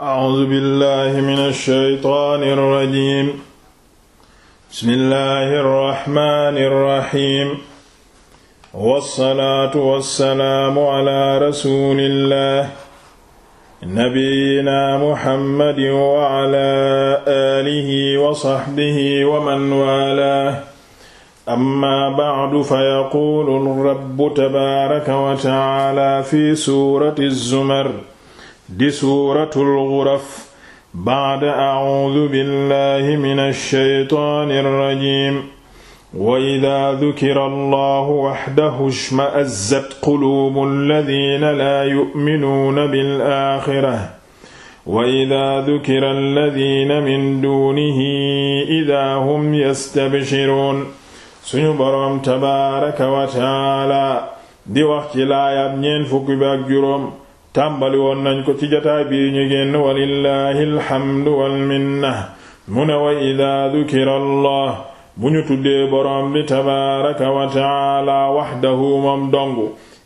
A'uuzu billaahi mina shaytaani rajiim. Bismillaahi rahmaani rahiim. Wassalaatu wassalaamu alaa rasuulillaah. Nabiyyinaa Muhammadin wa alaa aalihi wa sahbihi wa man waalaah. Amma ba'du fayaquulu rabbu tabaaraka wa ta'aalaa fi suurati Zumar. di suuratul ghuraf ba'da a'uudu billahi minash shaytaanir rajiim wa idhaa dhukira allahu wahdahu ishma'azzat quluubul ladhiina laa yu'minuuna bil aaxirah wa idhaa dhukira alladhiina min duunihi idhaa hum yastabshiruun suñu boroom tabaaraka wa ta'aala di wax ci laayaat ñeent fukki ak juróom tàmbali woon nañ ko ci jataay bii ñu génn walillahi alhamdu walminna mu ne wa ida dukira allah bu ñu tuddee borom bi tabaaraka wa taala waxdahu moom dong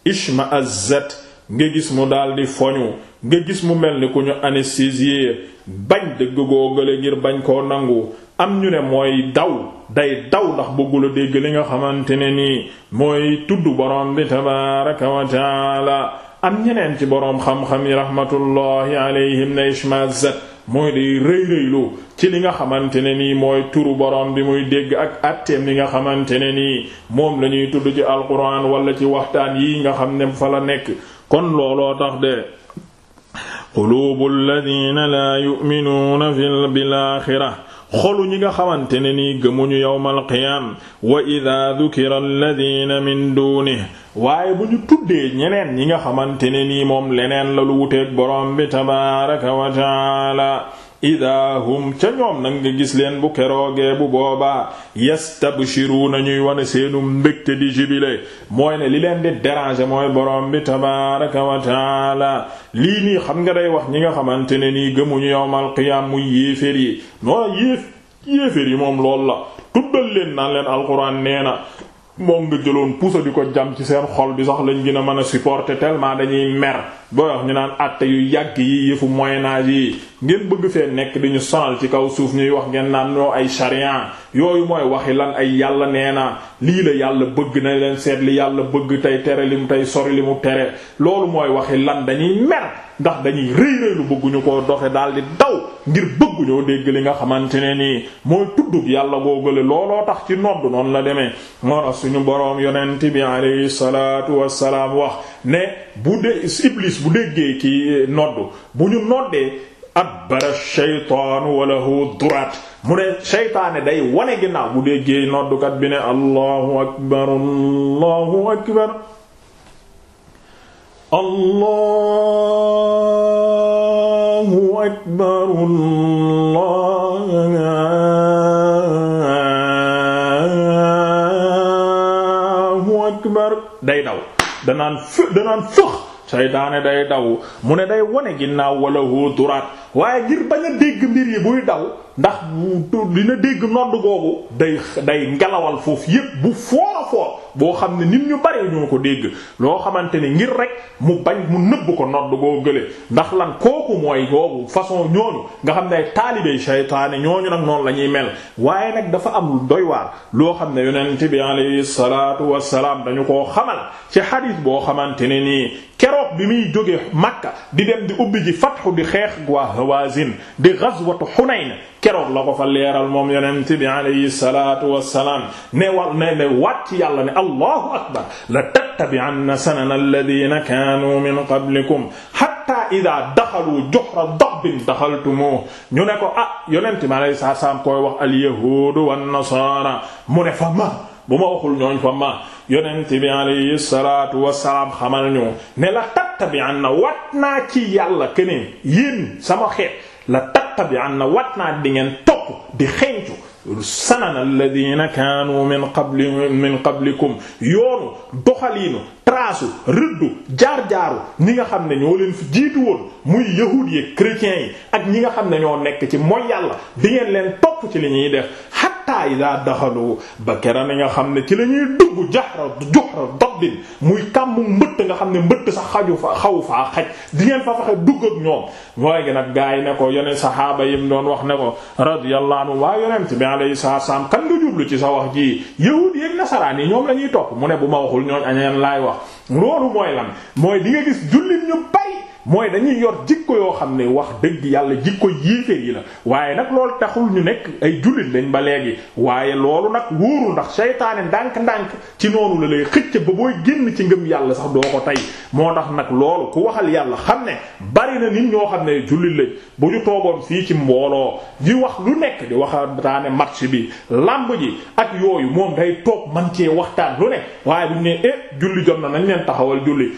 ishma azzat nga gis mu daldi foñu nga gis mu mel ni ku ñu anesthésié bañ dëgg googale ngir bañ koo nangu am ñu ne mooy daw day daw ndax bëggula dégg li nga xamante ne nii mooy tudd boroom bi tabaaraka wa am ñeneen ci boroom xam-xam yi rahmatullahi alayhim ne ishmazat mooy day rëy rëylu ci li nga xamante ne nii mooy turu boroom bi muy dégg ak atteem li nga xamante ne nii moom lañuy ñuy tudd ci alquran wala ci waxtaan yi nga xam ne fa la nekk kon looloo tax de qulubu alladina la yu'minuna bil axira xolu ñi nga xamante ne nii gëmuñu yawmal qiyaam wa idaa dukira alladina min duuni waaye bu ñu tuddee ñeneen ñi nga xamante ne nii moom leneen la lu wuteek boroom bi tabaaraka wa taala idaa hum ca ñoom nag gis leen bu keroogee bu boobaa yastabshiruuna ñuy wane seenu mbégte di jubile mooy ne li leen di déranger mooy borom bi tabaaraka wa taala lii nii xam nga day wax ñi nga xamante ne nii gëmuñu yawmal qiyaam muy yéeféer yi noo yéef yi moom lool la tuddal leen naan leen alxuraan nee na moom nga jëloon puso di ko jam ci seen xol bi sax lañ gën a mën a supporter tellement dañuy mer boo wax ñu naan àtte yu yàgg yi yëfu moyen âge yi ngeen bëgg fee nekk di ñu sonal ci kaw suuf ñuy wax ngeen naan noo ay charian yooyu mooy waxi lan ay yàlla nee na lii la yàlla bëgg na leen seet li yàlla bëgg tey tere li mu tey sori li mu tere loolu mooy waxi lan dañuy mer. ndax dañuy rëy rëy lu bëgguñu koo doxe daal di daw ngir bëgguñoo dégg li nga xamante ne nii mooy tuddug yàlla boo googale looloo tax ci nodd noonu la demee moo tax suñu boroom yonent bi alayhi salaatu wassalaam wax ne bu dee iblis bu déggee ki nodd bu ñu noddee abbara shaytaan walahu duraat mu ne seytaane day wane ginnaaw bu déggee noddukat bi ne allahu akbar allahu akbar allahu akbar allahu akbar day daw danaan fë danaan fëx seytaane day daw mu ne day wone ginnaaw wala woo duraat waaye ngir bañ a dégg mbir yi buy daw ndax dina dégg nodd googu day day ngelawal foofu yépp bu foora foor boo xam ne nit ñu bari ñoo ko dégg loo xamante ne ngir rek mu bañ mu nëbb ko nodd goo gële ndax lan kooku mooy googu façon ñooñu nga xam ne ay taalibey shaytaane ñooñu nag noonu la ñuy mel waaye nag dafa am doy waar loo xam ne yonent bi alayhi salaatu wassalaam dañu koo xamal ci xadiis boo xamante ne nii keroog bi muy jóge Makka di dem di ubbi ji fatxu di xeex waa Hawazin di ghazwatu Hunayn keroog la ko fa leeral moom yonent bi alayhi salaatu wassalaam ne wal ne ne wàcc yàlla ne allahu akbar la tattabi'anna sanana alladhina kaanu min qablikum hatta idha daxalu juhra dabbin daxaltumuhu ñu ne ko ah yonent bi alayhi salaatu wassalaam koy wax alyahuudu wannasaara mu ne fa ma bu ma waxul ñooñ fa ma yonent bi alayhi salaatu wassalaam xamal ñu ne la tattabi'anna wat naa ci yàlla keneen yéen sama xeet la tattabi'anna wat naa di ngeen topp di xencu sanana alladina kaanu min qabli min qablikum yoonu doxaliinu traasu rëddu jaar-jaaru ñi nga xam ne ñoo leen fi jiitu woon muy yahuud yi chrétiens yi ak ñi nga xam ne ñoo nekk ci mooy yàlla di ngeen leen topp ci li ñuy def xatta ida daxalu ba kera nga xam ne ci la ñuy dugg jaxra juxra doddin muy kàmmu mbëtt nga xam ne mbëtt sax xaju fa xaw faa xaj di ngeen fa fexe dugg ak ñoom mooy gi nag gaa yi ne ko yeneen saxaaba yim doon wax ne ko radiyallahu anhu waa yonent bi alayhi salaam kan nga jublu ci sa wax ji yahudi ak nasaraan yi ñoom la ñuy topp mu ne bu ma waxul ñooñ añeen laay wax loolu mooy lan mooy di nga gis jullit ñu bari mooy dañuy yor jikko yoo xam ne wax dëgg yàlla jikko yéeféer yi la waaye nag loolu taxul ñu nekk ay jullit lañ ba léegi waaye loolu nag wóoru ndax seytaane ndànk-ndànk ci noonu la lay xëcc ba booy génn ci ngëm yàlla sax doo ko tey moo tax nag loolu ku waxal yàlla xam ne bari na nit ñoo xam ne jullit lañ bu ñu toogoon fii ci mbooloo di wax lu nekk di waxtaane match bi lamb ji ak yooyu moom day toog man cee waxtaan lu ne waaye bu ñu ne eh julli nañ leen taxawal julli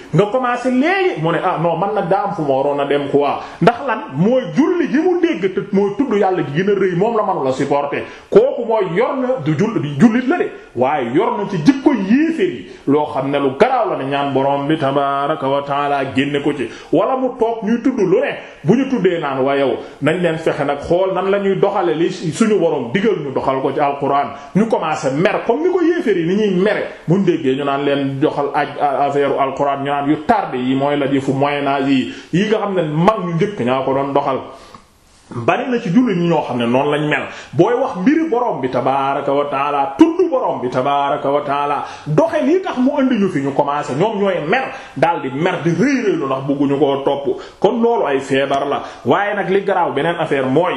daa am fu ma waroon a dem quoi ndax lan mooy julli gi mu dégg te mooy tudd yàlla gi gën a moom la mënula supporter ko kooku mooy yor na du jull di la de waaye yor na ci jikko yéeféer yi loo xam ne lu garaaw la ne ñaan borom bi tabaaraka wa taala génne ko ci wala mu toog ñuy tudd lu ne bu ñu tuddee naan wa yow nañ leen fexe nag xool nan la ñuy doxale li suñu borom digal ñu doxal ko ci alquran ñu commencé mer comme ni ko yéeféer yi ni ñuy mere buñ déggee ñu naan leen doxal aj affaire u alquran ñu naan yu tardé yi mooy la ji fu moyen âge yi yi nga xam ne mag ñu njëkk ñaa ko doon doxal bari na ci jullit ñi ñoo xam ne noonu lañ mel booy wax mbiri boroom bi tabaaraka wa taala tudd borom bi tabaaraka wa taala doxe lii tax mu andi ñu fi ñu commencé ñoom ñooy mer daal di mer di rëy rëy lu ndax bëgguñu koo topp kon loolu ay feebar la waaye nag li garaaw beneen affaire mooy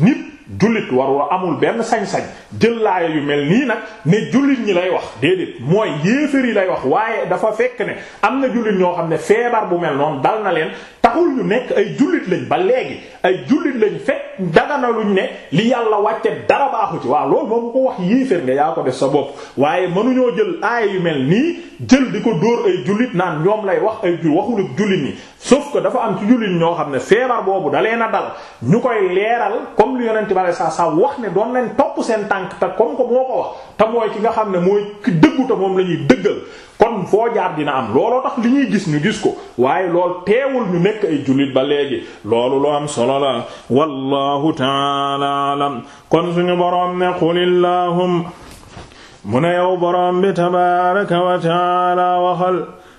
nit. jullit warula amul benn sañ-sañ jël laaya yu mel nii nag ne jullit ñi lay wax déedéet mooy yéefar yi lay wax waaye dafa fekk ne am na jullit ñoo xam ne feebar bu mel noonu dal na leen taxul ñu nekk ay jullit lañ ba léegi ay jullit lañ fekk dagana luñ ne li yàlla wàcce dara baaxu ci waaw loolu moom ko wax yéeféer nga yaa ko sa bopp waaye mënuñoo jël aaya yu mel nii jël di ko dóor ay jullit naan ñoom lay wax ay waxul ak jullit ñi sauf que dafa am ci jullit ñoo xam ne feebar boobu dalee na dal ñu koy leeral comme li yonente bi saa sa wax ne doon leen topp seen tànk te comme ko moo ko wax te mooy ki nga xam ne mooy ki dëggu moom lañuy ñuy dëggal kon foo jaar dina am looloo tax li ñuy gis ñu gis ko waaye lool teewul ñu nekk ay jullit ba léegi loolu loo am solo la wallahu taala alam kon suñu boroom ne qulillahum mu ne yow boroom bi tabaraka wa taala waxal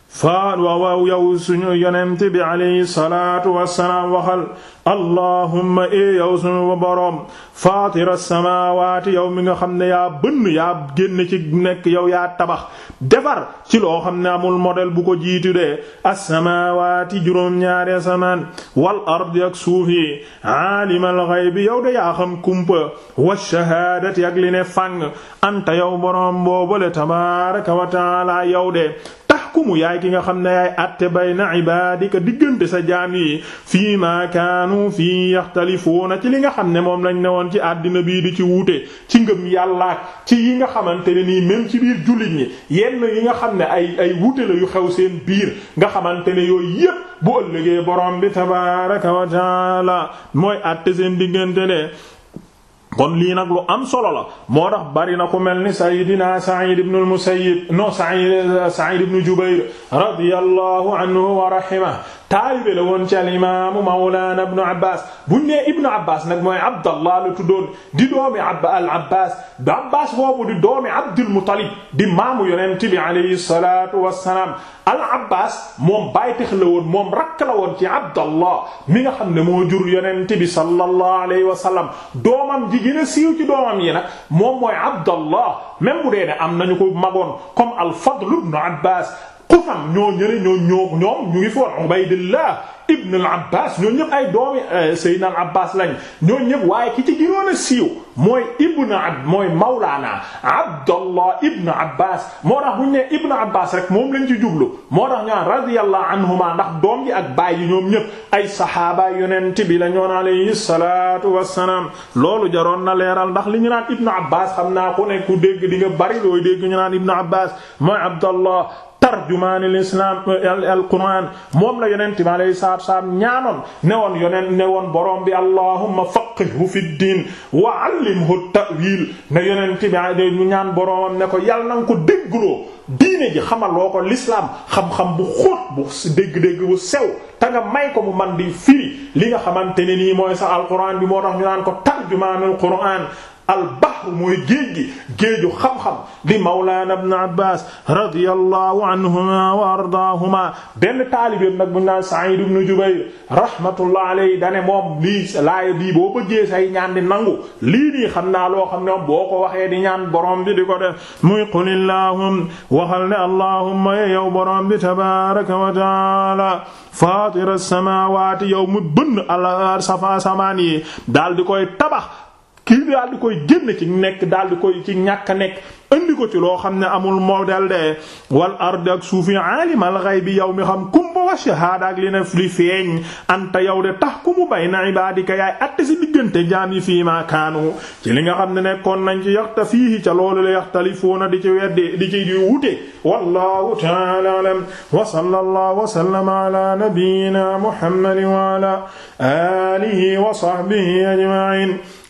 faal waaw yow suñu yonent bi alayhi salaatu wassalaam waxal allahumma e yow suñu boroom faatira samaawaati yow mi nga xam ne yaa bënn yaa génn ci nekk yow yaa tabax defar ci loo xam ne amul modèle bu ko jiitu de juróom ñaare asamaan wal ardi ak suuf yi aalimal yow de yaa xam kumpa wa shahaadati ak li ne fàng anta yow boroom boobale tabaaraka wa taala yow de tahkumu yaay ki nga xam ne yaay atte bayna ibadika diggante sa jaam yi fii ma kaanu fii yaxtalifuuna ci li nga xam ne moom lañ ne woon ci àddina bii di ci wuute ci ngëm yàllaak ci yi nga xamante ne nii même ci biir jullit ñi yenn yi nga xam ne ay ay wuute la yu xew seen biir nga xamante ne yooyu yépp bu ëllëgee borom bi tabaaraka wa mooy atte seen diggante ne kon lii nag lu am solo la moo tax bari na ku mel ni sayyidina Sa'id ibn al-Musayyib no Sa'id Sa'id ibn Jubayr radiyallahu anhu wa rahimahu taalibe la woon ci al imaamu mawlaana ibnu abbas buñ nee ibnu abbas nag mooy abdallah la tuddoon di doomi abba al abbas da abbas boobu di doomi abdul muttalib di maamu yonent bi alayhi salaatu wassalaam al abbas moom bàytax la woon moom rakk la woon ci abdallah mi nga xam ne moo jur yonent bi sallallahu alayhi wa sallam doomam ji gën siiw ci doomam yi nag moom mooy abdallah même bu dee ne am nañu ko magoon comme al fadl ibnu abbas Qusam ñoo ñële ñoo ñoo ñu ngi fi woon Ubaydillah ibn al-Abbas ñoo ñëpp ay doomi euh, Seydina al-Abbas lañ ñoo ñëpp waaye ki ci gënoon a siiw mooy ibn ab mooy Mawlana Abdallah ibn Abbas moo tax bu ñu nee ibn Abbas rek moom lañ ci jublu moo tax ñaan radiyallahu anhuma ndax doom ji ak baay yi ñoom ñëpp ay saxaaba yonent bi la ñoon alayhi salaatu wassalaam loolu jaroon na leeral ndax li ñu naan ibn Abbas xam naa ku ne ku dégg di nga bari looy dégg ñu naan ibn Abbas mooy Abdallah tarjumaanil islam al quraan moom la yonent bi alayhi salaatu salaam ñaanoon ne woon yonent ne woon borom bi allahumma faqihhu fi diin wa allimhu ta'wiil ne yonent bi day ñu ñaan boromam ne ko yàlla na nga ko déggloo diine ji xamaloo ko l'islam xam-xam bu xóot bu dégg-dégg bu sew te nga may ko mu man di firi li nga xamante ne nii mooy sa alquran bi moo tax ñu naan ko tarjumaanul quraan al bahru mooy géej gi géeju xam-xam di mawlaana ibn abbas anhuma wa ardaahuma benn taalibeem nag bu ñu naan sa'id ibn jubayr rahmatullah alayhi dane moom lii laaya bii boo bëggee say ñaan di nangu lii nii xam naa loo xam ne boo ko waxee di ñaan borom bi di ko def muy qul illahum waxal ne allahumma yow borom bi tabaraka wa taala faatira samaawaati yow mu bënn ala safa samaan yi daal di koy tabax kii daal di koy génn ci nekk daal di koy a nekk andi ko ci loo xam ne amul modèle de wal ard ak suufi aalim al ghaybi yow mi xam kumba wa shahaada ak li ne li feeñ anta yow de tahkumu bayna ibaadika yaay atte li diggante jaam yi fii ma kaanu ci li nga xam ne nekkoon nañ ci yaxta fiihi ca loolu la yaxtalifuuna di ci weddi di ci di wute wallahu ta'ala alam wa sallallahu wa sallama ala nabiyyina muhammadin wa ala alihi wa sahbihi ajma'in